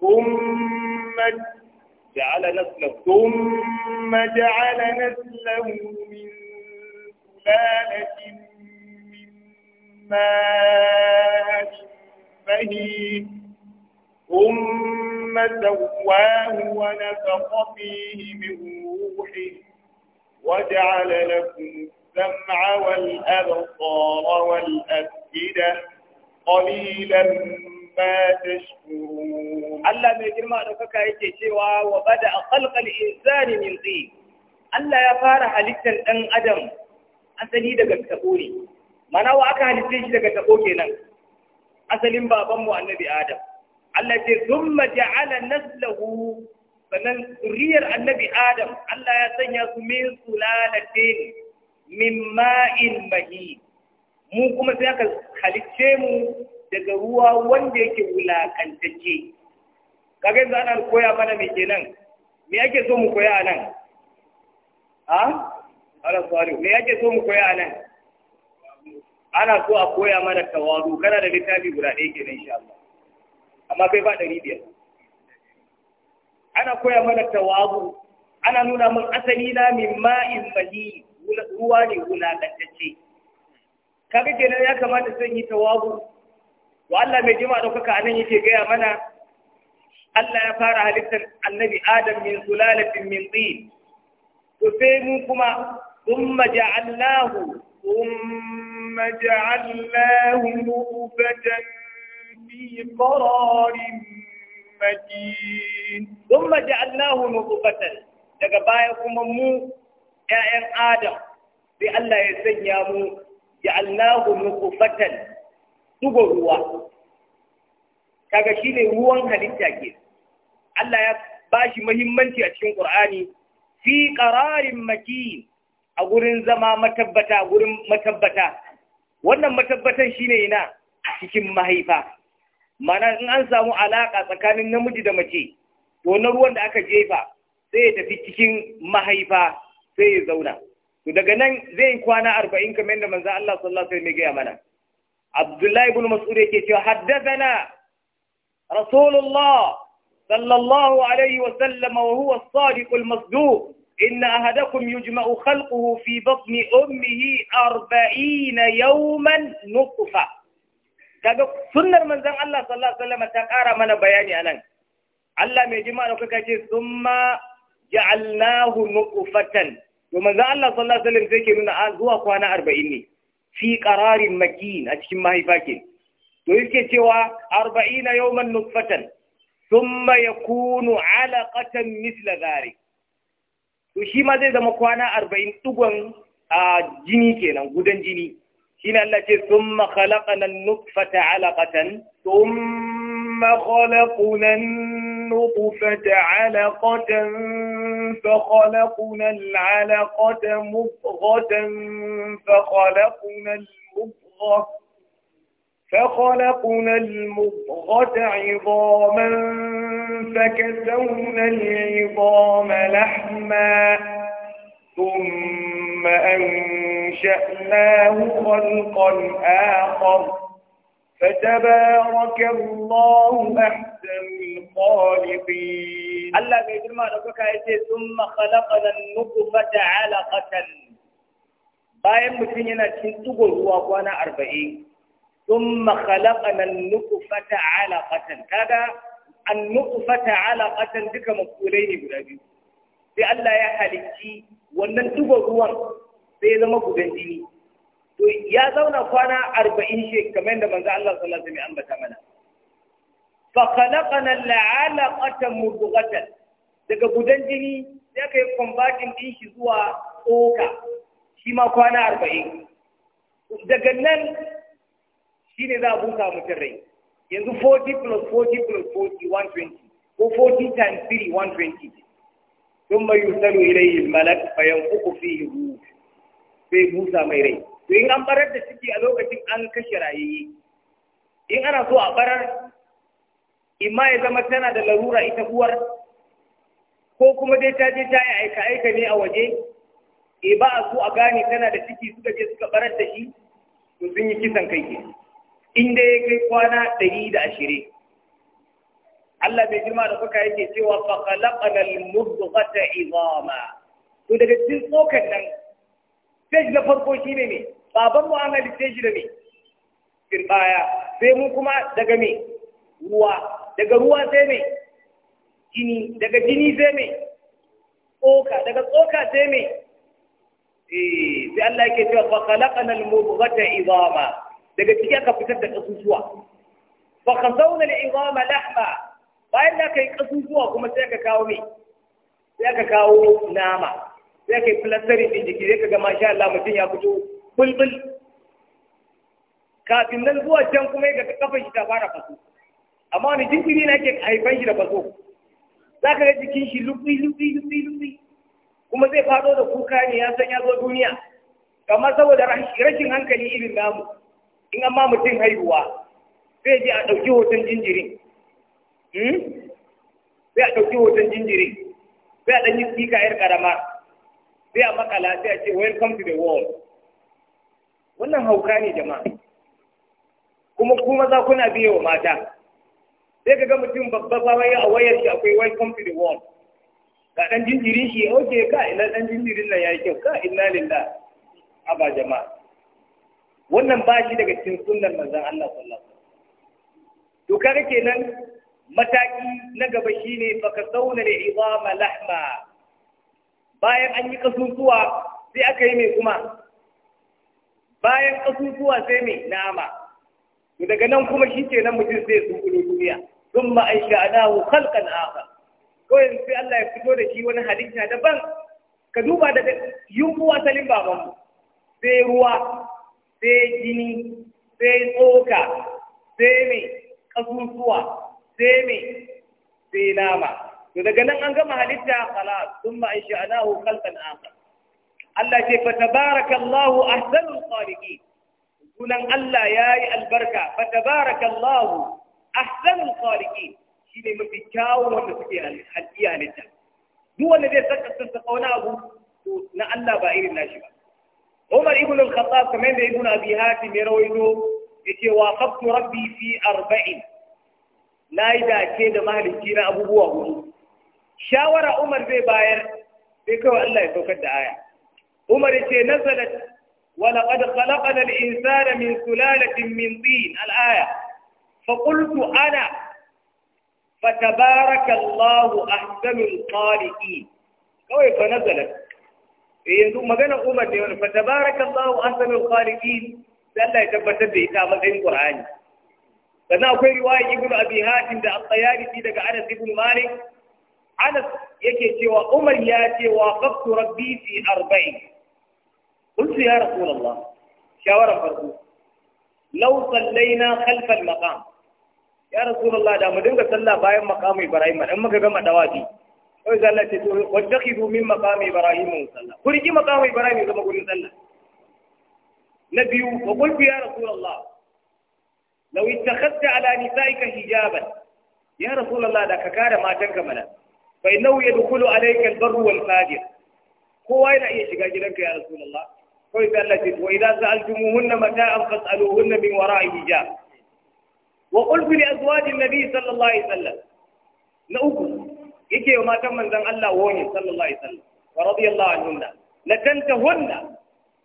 ثم جعل نسله ثم جعل نسله من سلالة من ماء مهين ثم سواه ونفخ فيه من روحه وجعل لكم السمع والأبصار والأفئدة qalilan ma tashkurun Allah mai girma da kaka yake cewa wa da khalqal insani min tin Allah ya fara halittar dan asali daga tabo mana wa aka halitta shi daga tabo kenan asalin babanmu annabi adam Allah ce thumma ja'ala naslahu sannan zuriyar annabi Adam Allah ya sanya su min sulalatin Mun kuma sai aka halicce mu daga ruwa wanda yake wulakantacce kaga yanzu ana koya mana me kenan me yake so mu koya nan ha ala salu me yake so mu koya nan ana so a koya mana tawazu kana da littafi guda ɗaya kenan insha Allah amma kai ba ɗari biyar ana koya mana tawazu ana nuna min asali na min ma'in ruwa ne wulakantacce kaga kenan ya kamata zan yi tawabu wa Allah mai jima ɗaukaka anan yake gaya mana Allah ya fara halittar annabi Adam min sulalatin min tin to sai mu kuma thumma ja'alnahu thumma ja'alnahu nutfatan fi qararin matin thumma ja'alnahu nutfatan daga baya kuma mu 'ya'yan Adam sai Allah ya sanya mu ja'alnahu nutfatan dugo ruwa kaga shine ruwan halitta ke Allah ya bashi muhimmanci a cikin Qur'ani fi qararin makin a gurin zama matabbata gurin matabbata wannan matabbatan shine ina cikin mahaifa mana in an samu alaka tsakanin namiji da mace to na ruwan da aka jefa sai ya tafi cikin mahaifa sai ya zauna to daga nan zai yi kwana arba'in kamar yadda manzo Allah sallallahu alaihi wasallam ya gaya mana Abdullahi ibn Mas'ud yake cewa haddathana Rasulullah sallallahu alaihi wasallam wa huwa as-sadiq al-masduq masduq inna ahadakum yujma'u khalquhu fi بطن ummihi أربعين yawman nutfa kaga sunnar manzon Allah sallallahu alaihi wasallam ta ƙara mana bayani anan Allah mai jima'a da kuka ce summa ja'alnahu nutfatan Domin za Allah sallallahu alaihi wasallam sai ke nuna ah, zuwa kwana arba'in ne fi ƙararin Maki a cikin mahaifa ke to yake cewa nufatan sun nutfatan thumma yakunu alaqatan misla gare to shi ma zai zama kwana arba'in ɗigon a jini kenan gudan jini shine Allah ce thumma khalaqana an-nutfata alaqatan sun. ثم خلقنا النطفة علقة فخلقنا العلقة مضغة فخلقنا المضغة فخلقنا المضغة عظاما فكسونا العظام لحما ثم أنشأناه خلقا آخر فتبارك الله أحسن الخالقين الله بيجمع ما نقولك ثم خلقنا النطفة علقة bayan mutum yana cikin tugo ruwa kwana arba'in sun makhalaqana nutfata alaqatan kaga an nutfata alaqatan duka makulai ne guda biyu sai Allah ya halicci wannan tugo ruwan sai zama gudan jini to ya zauna kwana arba'in shi kamar da manzo Allah sallallahu alaihi wasallam ya ambata mana fa khalaqana al'alaqata mudghatan daga gudan jini sai kai combating din shi zuwa tsoka shi ma kwana arba'in daga nan shi ne za a busa mutum rai yanzu 40 plus 40 plus 40 120 ko 40 times 3 120 ثم يرسل إليه الملك فينفخ فيه الروح sai busa mai rai to in an barar da ciki a lokacin an kashe rayayye in ana so a barar imma ya zama tana da larura ita uwar ko kuma dai ta je ta yi aika aika ne a waje e ba a so a gane tana da ciki suka je suka barar da shi to sun yi kisan kai ke in dai ya kai kwana ɗari da ashirin Allah mai girma da kuka yake cewa fa khalaqana al-mudghata idama to daga cikin tsokan nan stage na farko shi ne ne baban mu an halitta shi da me tsirbaya sai mu kuma daga me ruwa daga ruwa sai me jini daga jini sai me tsoka daga tsoka sai me eh sai Allah yake cewa fa khalaqnal mudghata idama daga ciki aka fitar da kasusuwa fa khazawna al-idama lahma bayan da kai kasusuwa kuma sai ka kawo me sai ka kawo nama sai kai filastari din jiki ka gama sha Allah mutum ya fito bulbul kafin nan zuwa can kuma ya ga kafan shi ta fara faso amma wani jinkiri na ke haifan shi da faso za ka ga jikin shi lubi lubi lubi lubi kuma zai fado da kuka ne ya san ya zo duniya kamar saboda rashin hankali irin namu in amma mutum haihuwa zai je a ɗauki hoton jinjirin hmm? zai a ɗauki hoton jinjirin zai a ɗan yi spika yar ƙarama sai a makala sai a ce welcome to the world wannan hauka ne jama'a kuma kuma za kuna biye wa mata sai ka ga mutum babba ba ya a wayar shi akwai welcome to the world ga dan jinjirin shi oke ka ina dan jinjirin nan yayi kyau ka inna lillah aba jama'a wannan ba shi daga cikin sunnar manzon Allah sallallahu alaihi wasallam to kaga kenan mataki na gaba shine fa ka sauna li idama lahma bayan an yi kasusuwa sai aka yi mai kuma bayan kasusuwa sai mai nama to daga nan kuma shi ke nan mutum sai su kulo duniya sun ma an sha'anahu halkan akhar kawai sai Allah ya fito da shi wani halitta daban ka duba daga yunfu salin babanmu sai ruwa sai jini sai tsoka sai mai kasusuwa sai mai sai nama to daga nan an gama halitta khalas thumma ansha'nahu khalqan akhar Allah ce fa tabarakallahu ahsanul khaliqin sunan Allah yayi albarka fa tabarakallahu ahsanul khaliqin shine mafi kyawun wanda suke hadiya halitta duk wanda zai saka sun saka wani abu to na Allah ba irin nashi ba Umar ibn al-Khattab kamar da ibn Abi Hatim ya rawaito yace wa qabtu rabbi fi arba'in na yi dace da mahalicci na abubuwa hudu shawara Umar zai bayar sai kawai Allah ya saukar da aya Umar ce nazalat wa laqad khalaqna al-insana min sulalatin min tin al-aya fa qultu ana fatabaraka Allahu ahsanul qaliin kawai fa nazalat eh yanzu magana Umar ne wani fatabaraka Allahu ahsanul qaliin Allah ya tabbatar da ita a matsayin Qur'ani akwai riwaya Ibn Abi da al daga Anas Malik Anas yake cewa Umar ya ce wa qaftu rabbi fi arba'in قلت يا رسول الله farko. فرقو لو صلينا خلف المقام Ya رسول da mu dinga sallah bayan maqam Ibrahim dan muka gama dawaji sai Allah ce to wattakhidu min maqam Ibrahim sallah ku maqam Ibrahim zama gurin sallah na biyu wa qultu ya رسول الله لو اتخذت على نسائك حجابا يا da ka kare matanka mana fa innahu yadkhulu alayka al-barru wal fajir kowa yana iya shiga gidanka ya rasulullah kawai sai Allah ce wa idza sa'altumuhunna mata'an fas'aluhunna min wara wara'i hijab wa qul li azwaji an-nabi sallallahu alaihi sallam? na uku yake wa matan manzan, Allah wani sallallahu alaihi sallam. wa radiyallahu anhunna la tantahunna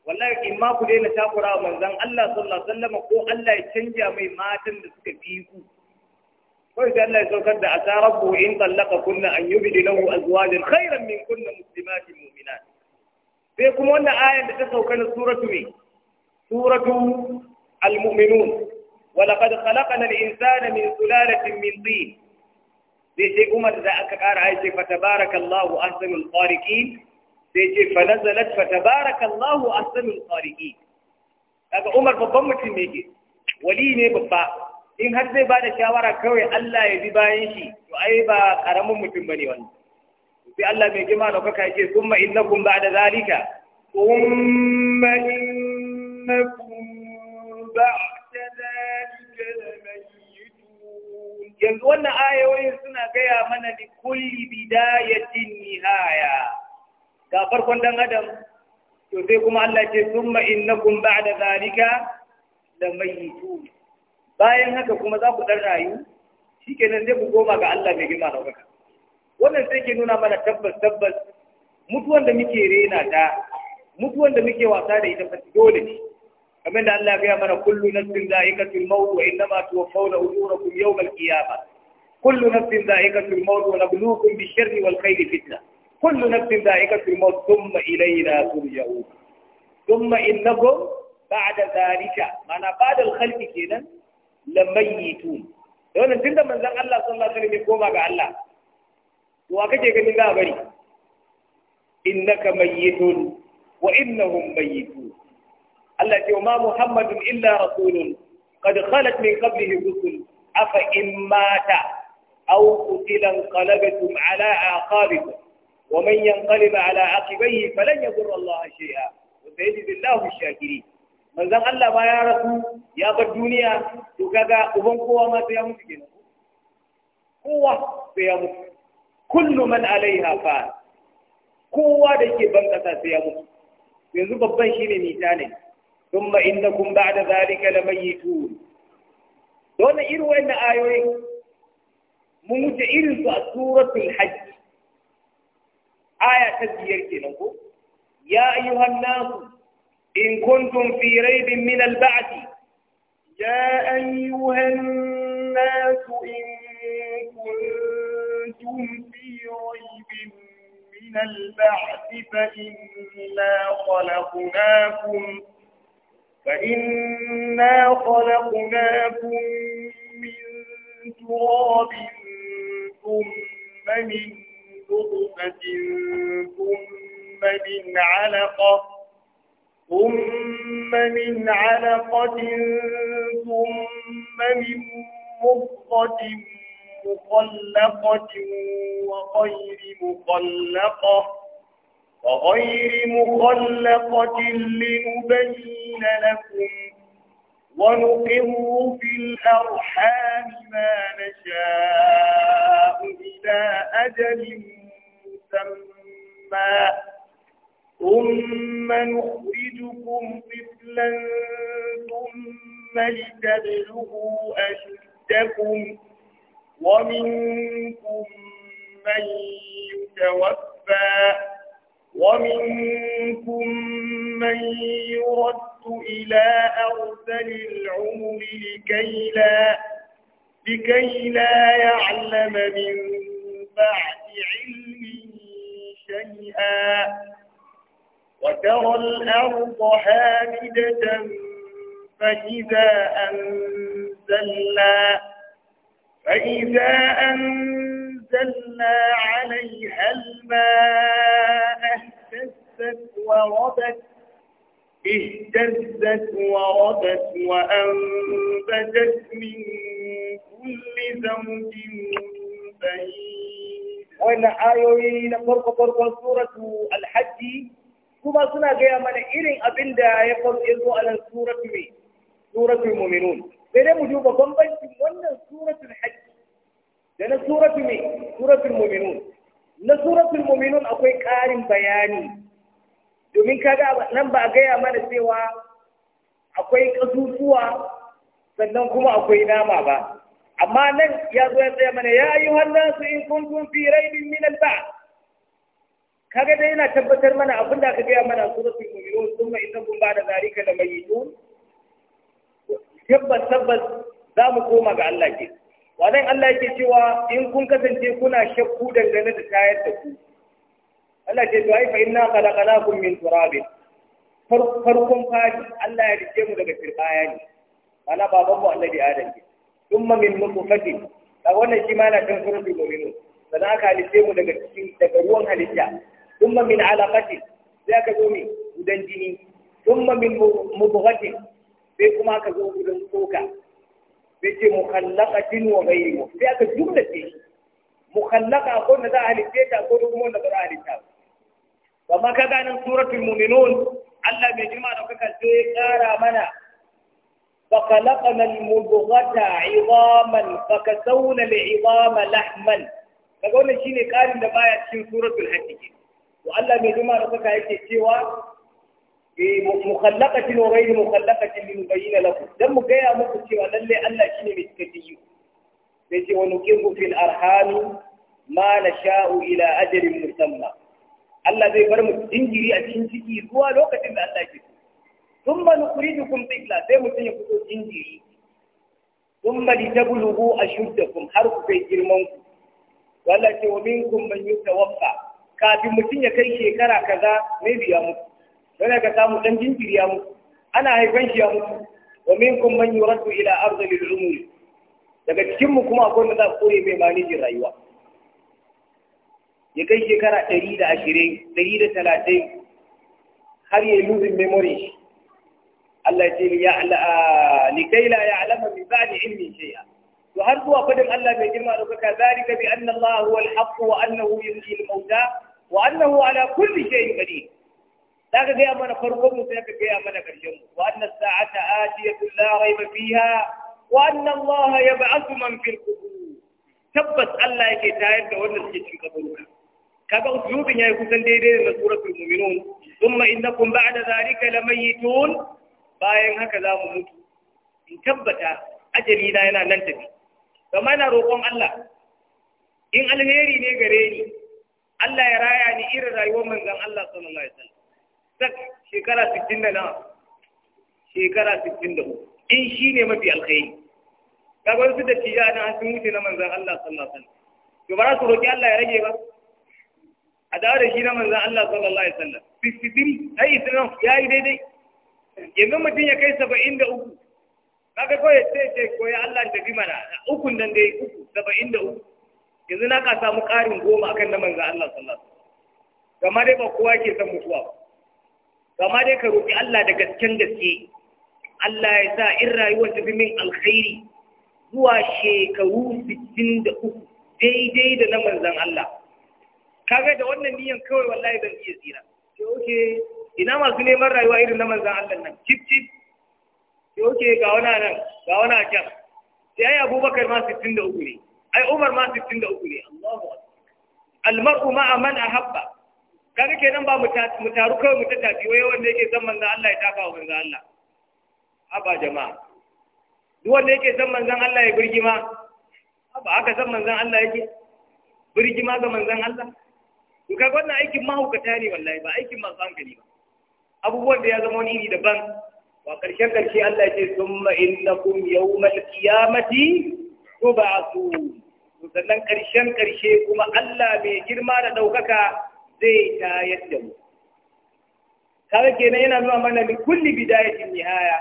wallahi in ma ku daina takura manzon Allah sallallahu alaihi wasallam ko Allah ya canja mai matan da suka fi ku kawai sai Allah ya saukar da asa rabbu in tallaka kunna an a lahu azwajan khairan min kunna muslimatin mu'minat sai kuma wannan ayan da ta sauka na suratu me suratu al-mu'minun ولقد خلقنا الإنسان من سلالة من طين sai ce umar da aka ƙara aiki fa tabarakallahu ahsanul qariqin sai ce fa nazalat fa tabarakallahu ahsanul qariqin kaga umar babban mutum ke wali ne babba in har zai ba da shawara kawai Allah ya bi bayan shi to ai ba karamin mutum bane wannan sai Allah mai girma da kuka yake kuma innakum ba'da zalika kuma innakum ba'da zalika lamayitun yanzu wannan ayoyin suna gaya mana li kulli bidayatin nihaya ga farkon dan adam to sai kuma Allah ya ce kuma innakum ba'da zalika lamayitun bayan haka kuma za ku ɗan rayu shi nan zai ku koma ga Allah mai girma ɗaukaka wannan sai ke nuna mana tabbas tabbas mutuwan da muke rena ta mutuwan da muke wasa da ita fasi dole ne kamar da Allah ya gaya mana kullu nafsin za'iqatul maut wa innama tuwaffawna ujurakum yawmal qiyamah kullu nafsin za'iqatul maut wa nabluukum bish-sharri wal khayri fitna kullu nafsin za'iqatul maut thumma ilayna turja'un thumma innakum ba'da dhalika mana ba'da al-khalqi kenan lamayitun da wannan tunda manzon Allah sallallahu alaihi wasallam koma ga Allah to wa kake ganin za a bari innaka mayitun wa innahum mayyitun Allah ce ma Muhammadun illa rasulun qad khalat min qablihi rusul afa in mata aw qutila qalabatum ala aqabikum wa man yanqalib ala aqibihi falan yadurra Allah shay'a wa sayajzi Allahu ash-shakirin manzon Allah ba ya rasu ya bar duniya to kaga uban kowa ma sai ya mutu kenan kowa sai ya mutu kullu man alaiha fa kowa da yake ban kasa sai ya mutu yanzu babban shine mita ne thumma innakum ba'da zalika lamayitun don irin wannan ayoyin mun wuce irin su a suratul hajj aya ta biyar kenan ko ya ayyuhan nasu إن كنتم في ريب من البعث يا أيها الناس إن كنتم في ريب من البعث فإنا خلقناكم فإنا خلقناكم من تراب ثم من نطفة ثم من علقة ثم من علقة ثم من مضغة مخلقة وغير مخلقة وغير مخلقة لنبين لكم ونقر في الأرحام ما نشاء إلى أجل مسمى ثم نخرجكم طفلا ثم لتبلغوا أشدكم ومنكم من يتوفى ومنكم من يرد إلى أرسل العمر لكي لا, لكي لا يعلم من بعد علم شيئا وترى الأرض هامدة فإذا أنزلنا فإذا أنزلنا عليها الماء اهتزت وربت اهتزت وربت وأنبتت من كل زوج بهيج وإن آيوين فرق فرق سورة الحج su ba suna gaya mana irin abin da ya zo a nan suratul mai mu'minun sai dai mu duba bambancin wannan suratul hajji da na suratul mai suratul mu'minun na suratul mu'minun akwai ƙarin bayani domin kaga nan ba a gaya mana cewa akwai ƙasusuwa sannan kuma akwai nama ba amma nan ya zo ya tsaye mana ya hannun su in kuntum fi raibin minan ba. kaga dai yana tabbatar mana abin da aka gaya mana suratul mu'minun da innakum da zalika lamayitun tabbas tabbas za mu koma ga Allah ke wannan Allah yake cewa in kun kasance kuna shakku dangane da tayar da ku Allah ce to fa inna khalaqnakum min turabin farkon fadi Allah ya rike mu daga firbaya ne ana baban mu annabi Adam ke kuma min nutfatin da wannan shi ma na kan suratul mu'minun sannan aka halitte mu daga cikin daga ruwan halitta thumma min alaqatin sai aka zo mai gudan jini thumma min mudghatin sai kuma aka zo gudan tsoka sai ce mukhallaqatin wa ghayrihi sai aka jumla ce mukhallaqa ko na za a halitta ta ko kuma ba ka ganin suratul mu'minun Allah da kuka sai ya kara mana فخلقنا المضغة عظاما فكسونا العظام لحما فقولنا شيني قال إن باية سورة الحج to Allah mai duma da saka yake cewa bi eh, mukhallaqatin wa ghayri mukhallaqatin lin bayyana lakum dan mu gaya muku cewa lalle Allah shine mai cika yi sai ce wani nuqimu fil arhami ma nasha'u ila ajalin musamma Allah zai bar mu jinjiri a cikin ciki zuwa lokacin da Allah ke so ثم نخرجكم طفلا sai mutum ya fito jinjiri ثم لتبلغوا أشدكم حرف في جرمانكم ولا ومنكم من يتوفى kafin mutum ya kai shekara kaza maybe biya mutu yana ka samu dan jinjiri ya mutu ana haifan shi ya mutu wa minkum man yuraddu ila ardhil umur daga cikin mu kuma akwai wanda za ku koyi mai manijin rayuwa ya kai shekara ɗari da ashirin ɗari da talatin har ya yi losing memory Allah ya ce ya likai la ya'lamu min ba'di ilmi shay'a to har zuwa fadin Allah mai girma da kuka zalika bi anna Allah huwa al-haqq wa annahu yuhyi al-mauta wa annahu ala kulli bari? qadir daga ga mana farkon mu sai ka ga mana karshen mu wa anna sa'ata atiyatun la rayba fiha wa anna Allah yab'athu man fil qubur tabbas Allah yake tayar da wanda suke cikin kaburuka kaga usulubin yayi kusan daidai da suratul mu'minun thumma innakum ba'da zalika lamayitun bayan haka za mu mutu in tabbata ajali na yana nan tafi kamar na roƙon Allah in alheri ne gare ni Allah ya raya ni irin rayuwar manzan Allah sallallahu alaihi wasallam sak shekara 60 da nawa shekara 63 in shine mafi alkhairi kaga su da tija na sun wuce na manzan Allah sallallahu alaihi wasallam to ba za su roki Allah ya rage ba a dawo da shi na manzan Allah sallallahu alaihi wasallam 63 ai ya yi daidai yanzu mutum ya kai 73 kaga ko ya ce ce ko ya Allah tafi mana ukun dan dai uku 73 yanzu na ka samu ƙarin goma akan na manzan Allah sallallahu alaihi wasallam gama dai ba kowa ke son mutuwa ba gama dai ka roƙi Allah da gasken gaske Allah ya sa in rayuwar tafi min alkhairi zuwa shekaru 63 daidai da na manzan Allah kaga da wannan niyan kawai wallahi zan iya tsira ke oke ina masu neman rayuwa irin na manzan Allah nan cip cip ke oke ga wani nan ga wani a can sai ai abubakar ma 63 ne ai Umar ma 63 ne Allahu almar'u ma'a man ahabba kaga kenan ba mu taru kai mu ta tafi wai wanda yake zan manzon Allah ya taka wa manzon Allah haba jama'a duk wanda yake zan manzon Allah ya birgi ma haba haka zan manzon Allah yake birgi ma ga manzon Allah to kaga wannan aikin mahaukata ne wallahi ba aikin masu hankali ba abubuwan da ya zama wani iri daban wa karshen karshe Allah ya ce summa innakum yawmal qiyamati tub'asun sannan ƙarshen ƙarshe kuma Allah mai girma da ɗaukaka zai tayar da mu. Kaga kenan yana nuna mana min kulli bidayatin nihaya.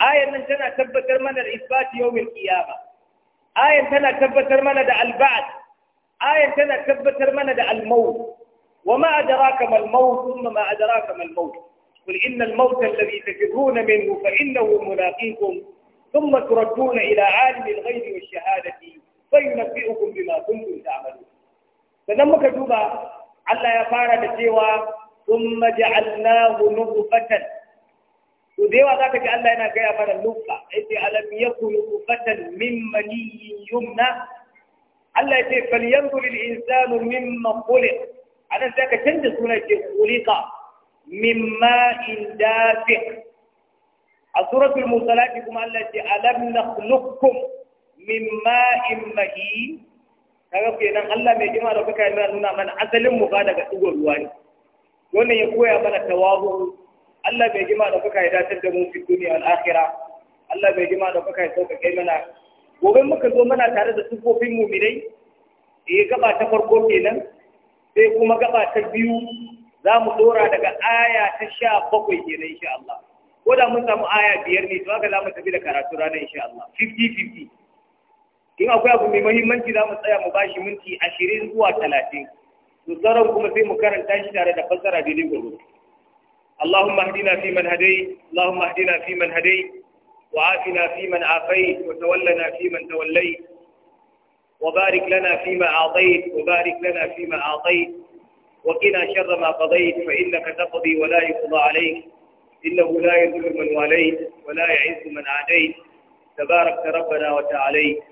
Ayan nan tana tabbatar mana da isbati yawmin qiyama. Ayan tana tabbatar mana da alba'ad. Ayan tana tabbatar mana da al-maut. Wa ma adraka mal maut thumma ma adraka mal maut. Qul inna al-mauta alladhi tafirruna minhu fa innahu mulaqikum. ثم تردون إلى عالم الغيب والشهادة فينبئكم بما كنتم تعملون sannan muka duba Allah ya fara da cewa sun maja'alnahu nufatan to da yawa za ka ji Allah yana gaya mana nufa ya ce alam yaku nufatan min maniyin yumna Allah ya ce falyanzur lil insanu mimma canza sunan ce khuliqa in a suratul musalati kuma Allah ce alam nakhluqukum min ma'in mahi kaga kenan Allah mai jima da kuka yana nuna mana asalin mu ba daga dugo ruwa ne wannan ya koya mana tawazu Allah mai jima da kuka yada dace da mu fi duniya al akhira Allah mai jima da kuka yada kai mana gobe muka zo mana tare da sufofin mu'minai eh gaba ta farko kenan sai kuma gaba ta biyu za mu dora daga aya ta sha bakwai kenan insha Allah ko da mun samu aya biyar ne to haka za mu tafi da karatu ranar insha Allah 50-50 in akwai abu mai muhimmanci za mu tsaya mu bashi minti ashirin zuwa talatin to sauran kuma sai mu karanta shi tare da fassara daidai gwargwado اللهم اهدنا فيمن هديت اللهم اهدنا فيمن هديت وعافنا فيمن عافيت وتولنا فيمن توليت وبارك لنا فيما أعطيت وبارك لنا فيما أعطيت وقنا شر ما قضيت فإنك تقضي ولا يقضى عليك إنه لا يذل من واليت ولا يعز من عاديت تبارك ربنا وتعاليت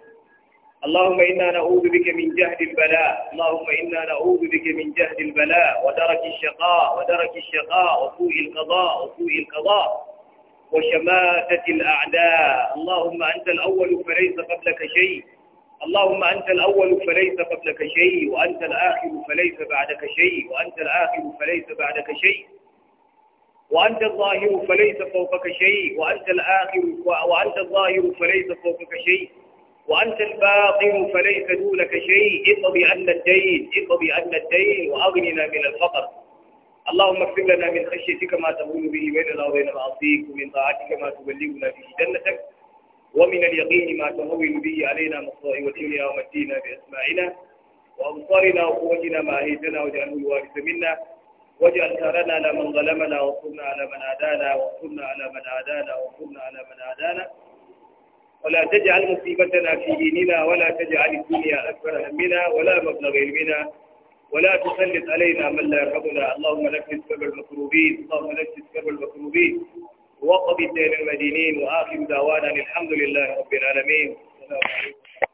اللهم إنا نعوذ بك من جهد البلاء اللهم إنا نعوذ بك من جهد البلاء ودرك الشقاء ودرك الشقاء وسوء القضاء وسوء القضاء وشماتة الأعداء اللهم أنت الأول فليس قبلك شيء اللهم أنت الأول فليس قبلك شيء وأنت الآخر فليس بعدك شيء وأنت الآخر فليس بعدك شيء وأنت الظاهر فليس فوقك شيء وأنت الآخر وأنت الظاهر فليس فوقك شيء وأنت الباطن فليس دونك شيء اقضي عنا الدين اقضي عنا الدين وأغننا من الفقر اللهم اغفر لنا من خشيتك ما تهون به بيننا وبين معصيك ومن طاعتك ما تبلغنا به جنتك ومن اليقين ما تهون به علينا مصائب الدنيا ومتينا بأسماعنا وأبصارنا وقوتنا ما أهيتنا وجعله الوارث منا واجعل ثارنا على من ظلمنا وانصرنا على من عادانا وانصرنا على من عادانا وانصرنا على من عادانا ولا تجعل مصيبتنا في ديننا ولا تجعل الدنيا أكبر همنا ولا مبلغ علمنا ولا تسلط علينا من لا يرحمنا اللهم نفس كرب المكروبين اللهم نفس كرب المكروبين وقضي الدين المدينين وآخر دعوانا الحمد لله رب العالمين السلام عليكم